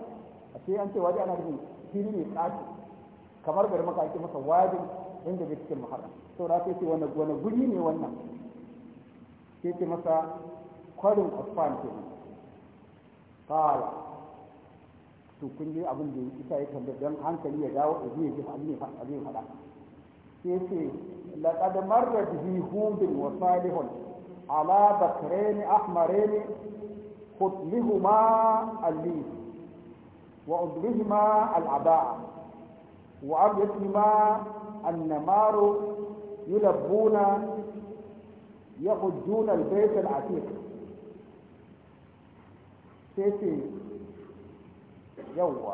a ce an ce waje ana nufin fili ne tsaki kamar bari maka ake masa wajin inda bai cikin muharram da sai ce wani guri ne wannan sai ce masa kwarin asfan ke nan kala to kun ji abin da isa ya tambar don hankali ya dawo a zai ji abin ya faɗa sai ce wa salihun على بكرين أحمرين خطلهما الليل وعضلهما العباء وأبيتهما النمار يلبون يحجون البيت العتيق سيتي يوا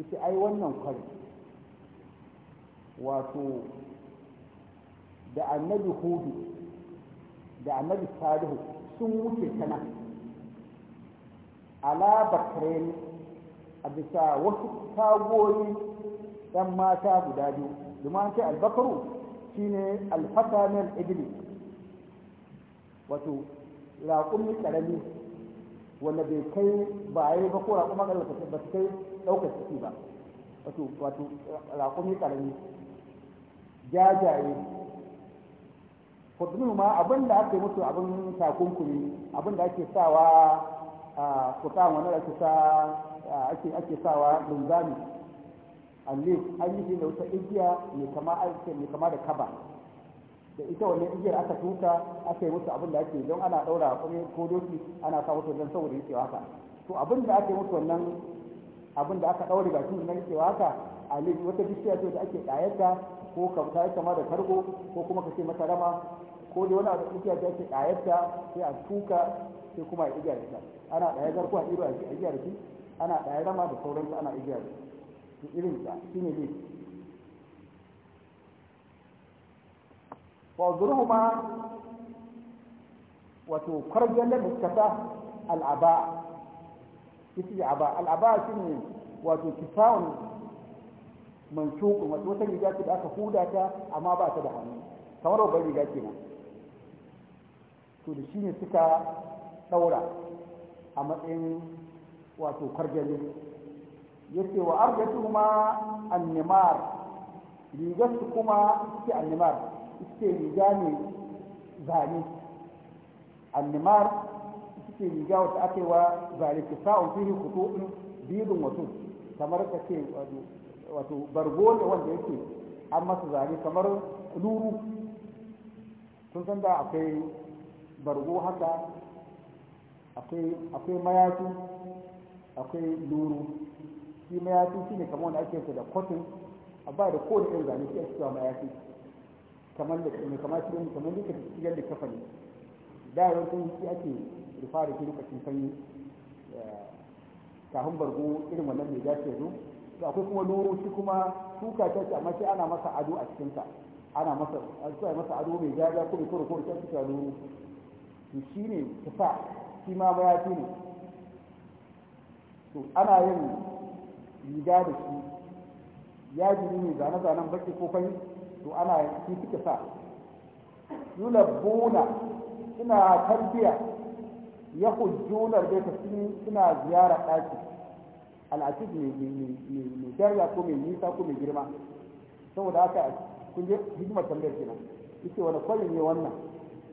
إتي أي wannan kwari واتو da annabi hudu da annabi salihu sun wuce ta nan ala bakrain a bisa wasu tagoyi ɗan mata guda biyu domin ce albakaru shine alfata min ibli wato raƙumi ƙarami wanda bai kai ba a ba ko raƙuma ƙarfi ba su kai ɗaukar ciki ba wato raƙumi ƙarami jajaye fadlu ma abin da aka yi musu abin takunkumi abin da ake sawa a kusan wani da ake ake sawa lunzami alif an yi shi da wata igiya mai kama ake mai kama da kaba da ita wannan igiyar aka tuka aka yi musu abin da ake don ana daura kuma ko doki ana sa wato don saboda yake haka to abin da aka yi musu wannan abin da aka daure bakin nan yake haka alif wata bishiya ce da ake dayata ko ka ta kama da kargo ko kuma ka ce mata rama ko da wani abu igiya ta ce ɗayarta sai a tuka sai kuma a igiya da ita ana ɗaya garkuwa iro a igiya da shi ana ɗaya rama da sauran ana igiya da su irin ta shi ne ne wa zurhu ma wato kwargiyar da ta al'aba kisi aba al'aba shi ne wato kifawun manshukun wato wata riga ce da aka huda ta amma ba ta da hannu kamar babban riga ba. to da shi ne suka daura a matsayin wato kwarjali ya ce wa arjatu ma annimar rigarsu kuma suke annimar suke riga ne zane annimar suke riga wata ake wa zane ke sa'un fili kutuɗin bidin wato kamar ka ce wato bargo ne wanda yake an masa zane kamar luru sun san da akwai bargo haka akwai mayafi akwai luru shi mayafi shi ne kamar wanda ake da kotun a ba da kowane irin zane shi ake cewa mayafi kamar da ne kamar shi ne kamar duka cikin da kafa ne da yawancin shi ake rufa da shi lokacin sanyi eh, kafin bargo irin wannan mai dace zo to akwai kuma luru shi kuma tuka ta amma sai ana masa ado a cikinsa ana masa a masa ado mai jaja ko mai koro koro ta luru to shine tufa shi ma mayafi ne to ana yin riga da shi yaji ne zane-zanen baki ko fari to ana shi suka sa yulabbuna suna tarbiya ya hujjunar da sun suna ziyara ɗaki al'atid mai jarya ko mai nisa ko mai girma saboda haka kun je hidimar tambayar kenan ita wani kwalin ne wannan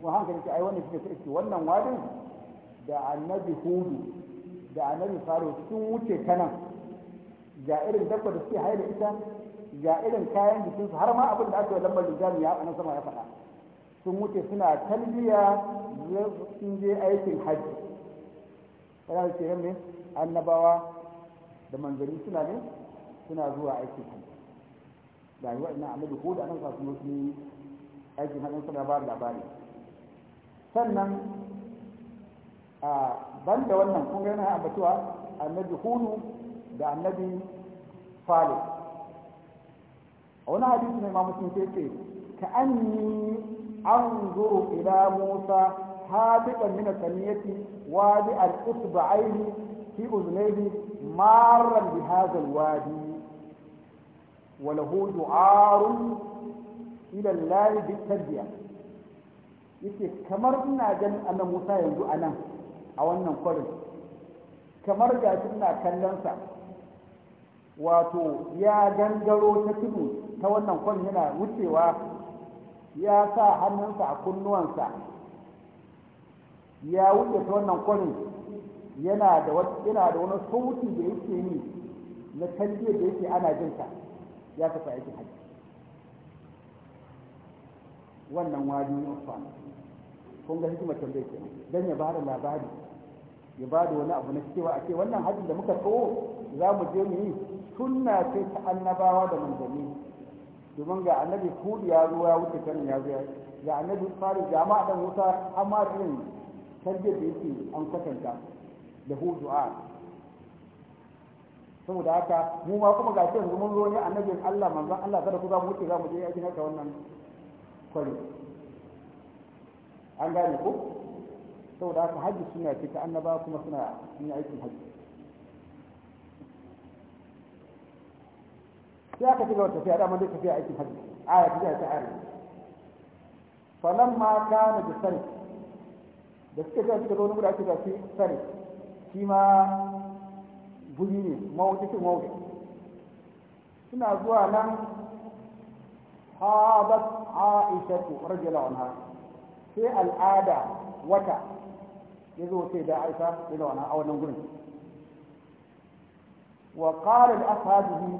kuma hankali ta ai wannan shi ne wannan wadin da annabi hudu da annabi faro sun wuce ta nan ga irin dabba da suke haye da ita ga irin kayan jikinsu har ma abin da aka yi lambar lijami ya na sama ya faɗa sun wuce suna talbiya sun je aikin hajji kana ce ne annabawa da manzanni suna ne suna zuwa aikin hajji da yi waɗannan annabi ko da nan sa sun wuce aikin hajji suna ba labari sannan a banda wannan kun ga yana ambatuwa annabi hulu da annabi falo a wani hadisi mai ma mutum sai ce ka anni anzuru ila musa habiban min saniyati wadi al-usba'aini fi uznayhi marar bi hadha wadi wa lahu du'arun ila Allah bi yake kamar ina ganin annan musa yanzu a nan a wannan kwarin kamar ga shi kallonsa wato ya gangaro ta tudu ta wannan kwarin yana wucewa ya sa hannunsa a kunnuwansa ya wuce ta wannan kwarin yana da wani sauti da yake yi na kalliyar da yake ana jinta ya tafi aikin hajji wannan wani na Usman kun ga hikimar tambayar ke dan ya bada labari ya bada wani abu na cewa a ce wannan hajjin da muka kawo za mu je mu yi sunna ce ta annabawa da manzanni domin ga annabi kudi ya zo ya wuce kan ya zo ya annabi fari jama'a dan wuta amma din tarbiyyar da yake an kwatanta da hudu'a saboda haka mu ma kuma ga shi mun zo ne annabin Allah manzon Allah kada ku za mu wuce za mu je yakin haka wannan kwari an gane ko saboda haka hajji suna ce ta annaba kuma suna yin aikin hajji sai aka ci gaba tafiya dama dai tafiya aikin hajji aya tafiya ta ari falamma kana bi sani da suka ga suka zo wani guda suka fi sarki shi ma guri ne mawuce mawuce suna zuwa nan habat aishatu radiyallahu anha sai al'ada wata ya zo sai da aisha radiyallahu wannan a wannan gurin wa qala li ashabihi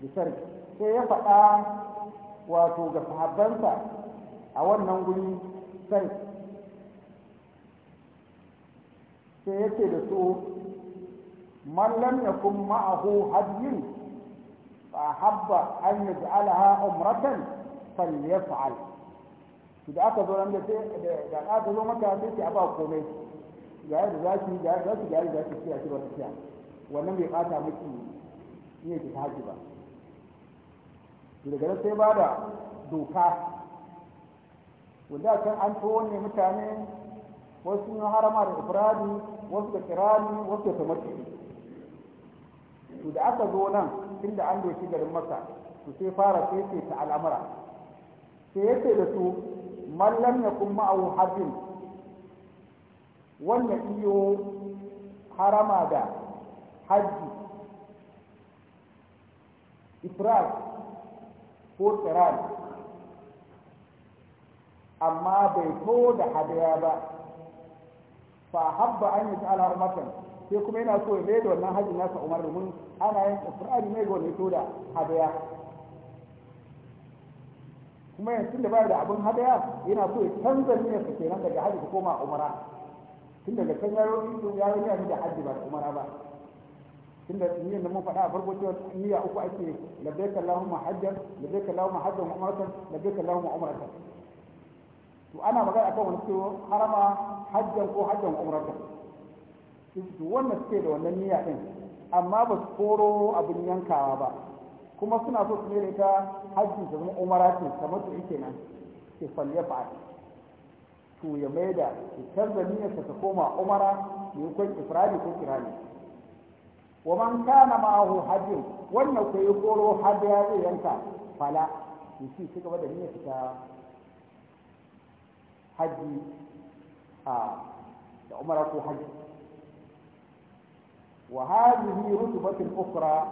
bi sarki sai ya faɗa wato ga sahabbansa a wannan guri sarki sai yake da su man lam yakun ma'ahu hadyin فأحب أن يجعلها عمرة فليفعل إذا aka zo ran da da aka zo maka sai ki aba komai ga yadda za ki ga za ki ga yadda za ki kiyaye ba kiya wannan bai fata miki ne ki ba daga nan sai bada doka wanda kan an to ne mutane wasu sun da ifradi wasu da kirani wasu da aka zo nan tun da an doki garin masa su sai fara sai ta al'amura sai yace da su mallam ya kun ma'awu harbin wanda iyo harama da hajji ifrat ko tsiran amma bai to da hadaya ba fa habba an yi ta'ala sai kuma yana so ya da wannan hajji nasa umar domin ana yin qur'ani ne ga wani da hadaya kuma yanzu da bayar da abin hadaya yana so ya canza niyyar sa kenan daga hajji koma umara tun daga can yaro in yaro ya da hajji ba umara ba tunda niyyar da mun faɗa a farko cewa niyya uku ake labbaika Allahumma hajjan labbaika Allahumma hajjan wa umratan labbaika Allahumma umaratan to ana magana akan wani cewa harama hajjan ko hajjan umaratan. to wannan suke da wannan niyya ɗin, amma ba su koro abin yankawa ba kuma suna so su mere ta hajji ta zama umara ce kamar su ike nan ke falle fa'a to ya mai da fitar da niyyarsa ta koma umara ne kun ifradi ko kirani wa man kana ma'ahu hajjin wannan ko ya koro ya zai yanka fala to shi gaba da niyyarsa ta hajji a da umara ko hajji وهذه رتبة أخرى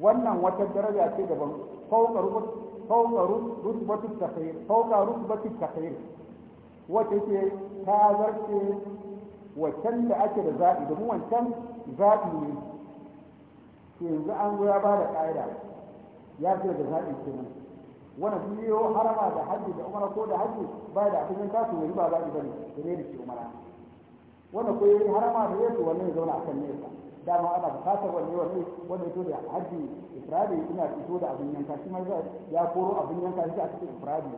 wannan wata daraja ce daban fauka rutubatu takhir fauka rutubatu takhir wacce ce ta zarce wancan da ake da zaɓi domin wancan zaɓi ne to yanzu an zo ya ba da ƙa'ida ya ce da zaɓi kenan wani biyo harama da hajji da umara ko da hajji ba da abin ta su yanzu ba zaɓi ba ne da ne da shi umara wanda ko yayi harama da yesu wannan ya zauna kan nesa dama ana bukatar wanne wanne wanda ya da haji ifradi ina fito da abin yanka shi ma ya koro abin yanka shi a cikin ifradi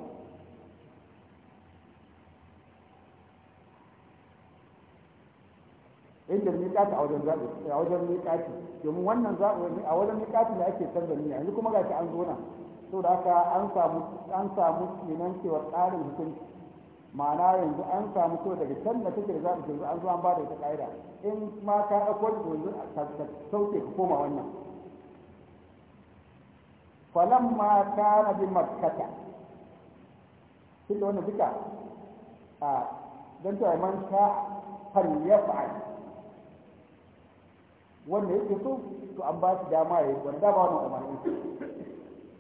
inda ka a wajen zabi a wajen miƙati domin wannan zaɓi a wajen miƙati da ake canza niyya yanzu kuma gashi an zo nan saboda haka an samu an samu kenan cewa tsarin hukunci ma'ana yanzu an samu so daga can da take da a yanzu an zo an ba da ita ƙa'ida in ma ka ɗauko ta yanzu ka sauke ka koma wannan falan ma ta bi makkata shi da wannan duka a don ta man sha har ya fa'al wanda yake so to an ba su dama ya yi wanda ba wani umarni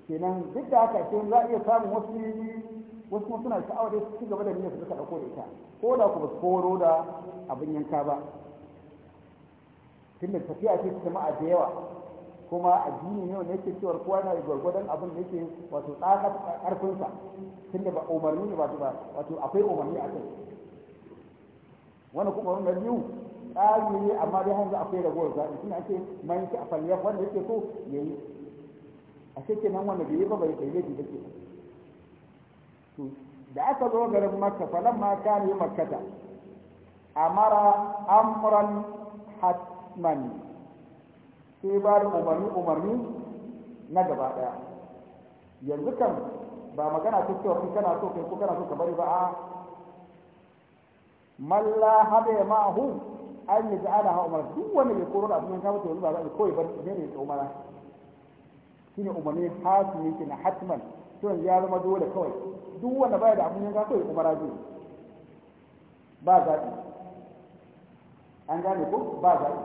kenan duk da haka sai za a iya samun wasu wasu kuma suna sha'awa da su gaba da niyyar suka dauko da ita ko da kuma koro da abin yanka ba tunda tafiya ce a da yawa kuma addini ne wanda yake cewa kowa yana da gwargwadon abin da yake wato tsaka karfinsa tunda ba umarni ne ba wato akwai umarni a kai wani kuma wani biyu tsari ne amma dai hanzu akwai ragowar zaɓi suna ake mayanci a falyar wanda yake so ya yi a shekke nan wanda bai yi ba bai laifi da ke da aka zo garin makka falan ma kana yi makkata amara amran hatman sai ba da umarni umarni na gaba daya yanzu kan ba magana ta cewa in kana so kai ko kana so ka bari ba a malla habe ma'ahu an yi ja'ala ha umar duk wani mai koro da abin ka mutu ba za ko ya bar ne ne umara shine umarni hasmi na hatman to yanzu ya zama dole kawai duk wanda baya da abun yanka kawai kuma zai ba zaɓi an gane ko ba zaɓi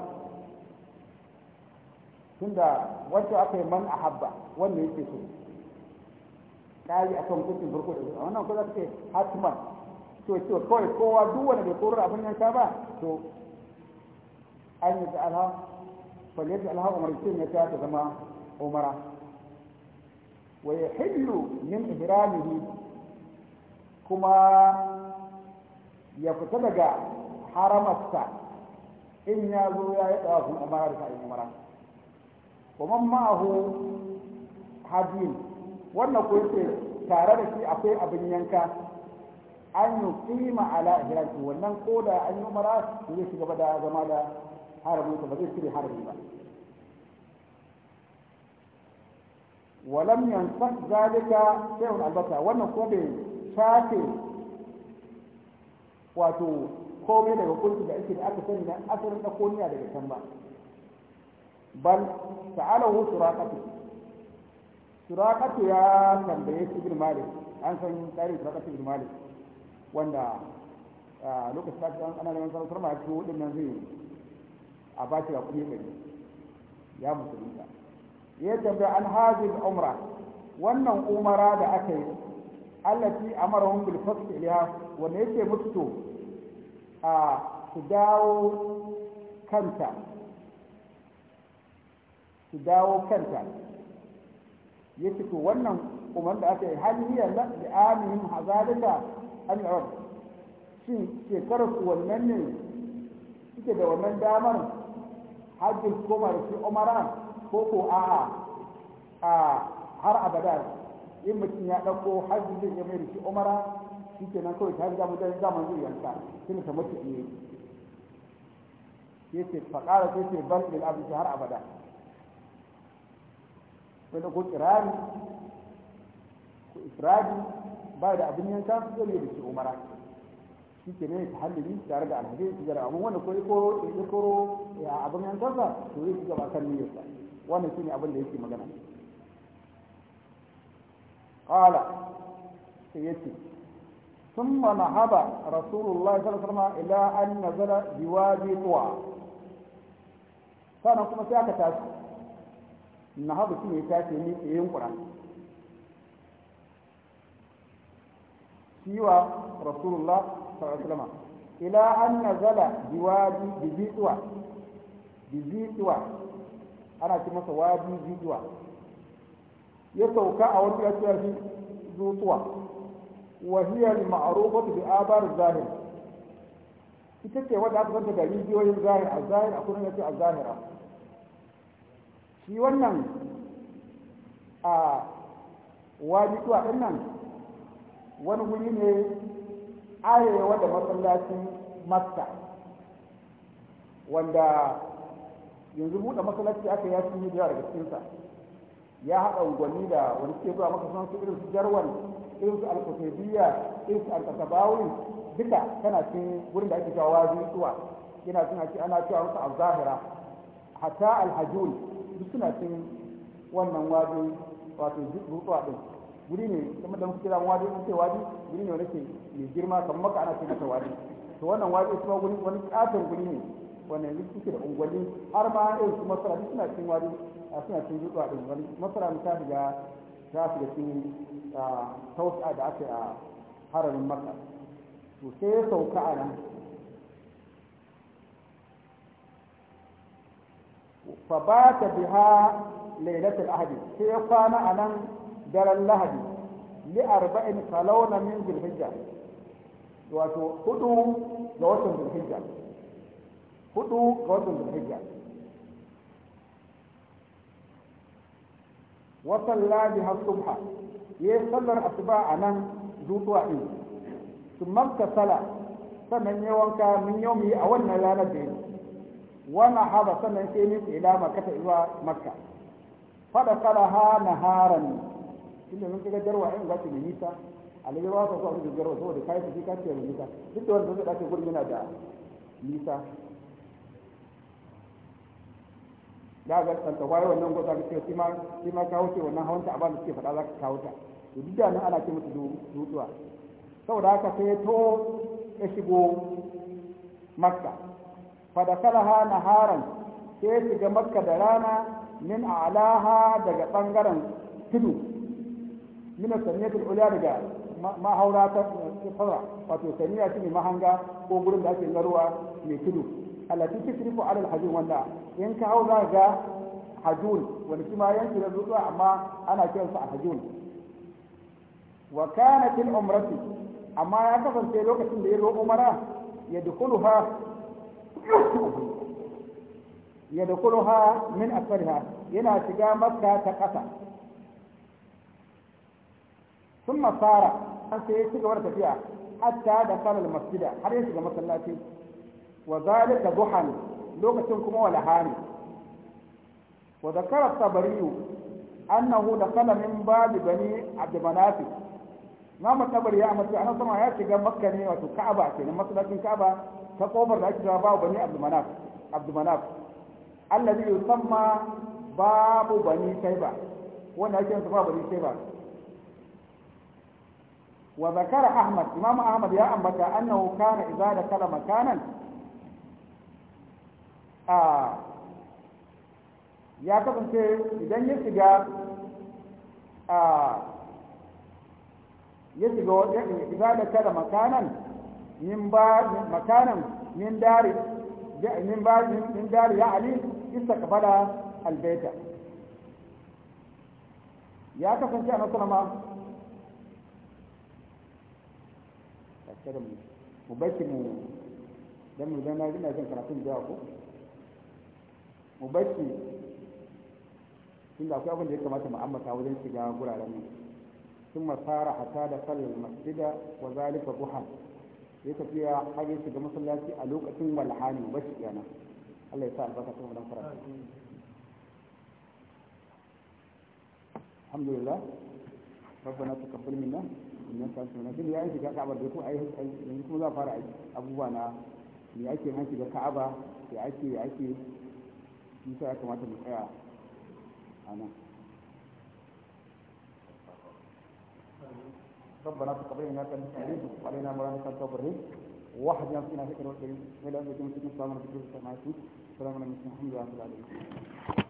tunda wacce aka yi man a habba wannan yake so ƙari a kan hukuncin farko da zuwa wannan kuma za ta ce hatman to ce kawai kowa duk wanda bai korar abin yanka ba to an yi ta alha faliyar ta alha umar ya ne ta ta zama umara wa ya hillu min ihramihi kuma ya fita daga haramarsa in ya zo ya yi tsawafin umara da sa'in umara kuma ma'ahu hajjin wannan ko tare da shi akwai abin yanka an yi kima ala ihramki wannan ko da an yi umara zai shiga da zama da haramun ba zai shirya harami ba ولم ينصح ذلك شيء wannan وانا shafe wato komai daga kulki da ake da aka sani na da ɗakoniya daga can ba bal ta'alahu suraqatu suraqatu ya tambaye shi ibn an san tarihin suraqatu ibn wanda wanda lokacin da an ana neman sarautar ma ko din nan zai a ba shi kuɗi ɗari ya musulunta ya tambaye an hajin umra wannan umara da aka yi allati amarahum bil fath wa ne yake mutu to a su dawo kanta su dawo kanta yace to wannan umar da aka yi hal hiya la bi amihim hazalika an arab shin shekarar su wannan ne suke da wannan damar hajjin koma da shi umara ko ko a'a a har abada in mutum ya ɗauko hajji zai iya mai da shi umara shi ke nan kawai ta riga mutane zaman zai yanka tun ta mutu ne ya ce faƙara sai ce bal ɗin abin har abada sai da ko kirari ko isradi ba da abin yanka zai iya da umara shi ke nan ta hallini tare da alhaji su gara abin wanda ko ya koro abin yankansa to zai shiga ba kan niyyarsa wannan shi ne abin da yake magana qala sai yace thumma nahaba rasulullahi sallallahu alaihi wasallam ila an nazala biwadi tuwa sannan kuma sai aka tashi nahaba shi ne tashi ne yayin qur'ani siwa rasulullah sallallahu alaihi wasallam ila an nazala biwadi biziwa biziwa ana ce masa wadi biziwa ya sauka a wani ya kira shi zutuwa wa hiya al-ma'rufatu bi abar zahir ita ce wadda aka santa da rijiyoyin zahir a zahir a kunan yace a zahira shi wannan a wajituwa din nan wani guri ne arewa da masallacin makka wanda yanzu buɗe masallaci aka yi yasin yi da daga cikinsa ya haɗa unguwanni da wani ke zuwa maka sun su irin su jarwal irin su alkutubiyya irin su alkatabawi duka tana ce wurin da ake cewa wazi zuwa yana suna ce ana cewa musu al-zahira hatta alhajul duk suna ce wannan wazi wato zuwa ɗin guri ne kuma da muke kira wadi ce wadi guri ne wani ke mai girma kamar maka ana ce masa wadi to wannan wadi kuma wani katon guri ne wannan yanzu suke da unguwanni har ma yanzu su suna cin wadi a suna cikin a ɗin wani masara ta shiga ta da cin tausa da ake a hararin maka to sai ya sauka a nan fa ba ta biha lailatul ahadi sai ya kwana a nan daren lahadi li arba'in kalawna min zulhijja wato hudu ga watan zulhijja hudu ga watan zulhijja wa salla biha subha ya sallar asuba a nan zuwa din thumma sala sannan ya wanka min yawmi a wannan ranar da yake wana hada sannan sai ni ila makka zuwa makka fada sala ha naharan inda mun ga jarwa in zaki ne nisa alaji ba ka so jarwa saboda kai shi ka ce nisa duk da wanda zai dace gurin yana da nisa da ga tsanta kwaye wannan gwada ga cewa kima ma kawo ce wannan hawan ta abin da suke faɗa za ka kawo ta to duk da nan ana ce mutu dutuwa saboda haka sai to ya shigo makka fadakalaha naharan sai ya shiga makka da rana min alaha daga bangaren tudu min sanniyatul ulya daga haura ta fara wato shi shine mahanga ko gurin da ake garuwa mai tudu allati tisrifu ala alhajun wanda in ka hau za ga hajun wani shi ma yanki da amma ana kiransa hajun wa kanat al-umratu amma ya kasance lokacin da ya zo umara ya dukuluha ya dukuluha min asfariha yana shiga makka ta ƙasa sun masara an sai ya ci gaba da tafiya hatta da kalar masjida har ya shiga masallaci وذلك ضحى لغتكم ولا هاني وذكر الطبري انه دخل من باب بني عبد مناف ما نعم الطبري اما انا سمع يا شيخ مكه ني وتو كعبه كين مسلكين كعبه تقوبر ذاك جاب بني عبد مناف عبد مناف الذي يسمى باب بني سيبا وانا كان باب بني سيبا وذكر احمد امام احمد يا امتى انه كان اذا دخل مكانا ya kasance idan ya shiga a ya shiga wajen shiga da kada makanan min ba makanan min dari min ba min dari ya ali istaqbala albaita ya kasance a musulma kada mu bashi mu dan mu dan na jin karatun da ku mu bacci tunda akwai abin da ya kamata mu ambata wajen shiga guraren nan sun masara hata da sallar masjida wa zalika buhan ya tafiya har ya shiga masallaci a lokacin walhani mu bacci yana Allah ya sa albarka cikin wannan fara alhamdulillah ربنا تقبل منا إنك أنت المنزل يا أيتي كعبة بيكون أي أي من كل فارع أبونا يا أيتي أنت كعبة يا أيتي يا أيتي shi ya kamata mu tsaya a nan ربنا تقبل منا انت انت العليم وعلينا مولانا انت الرحيم واحد يوم فينا فكر وكريم ولا يمكن ان تكون سلام عليكم ورحمه السلام عليكم ورحمة الله وبركاته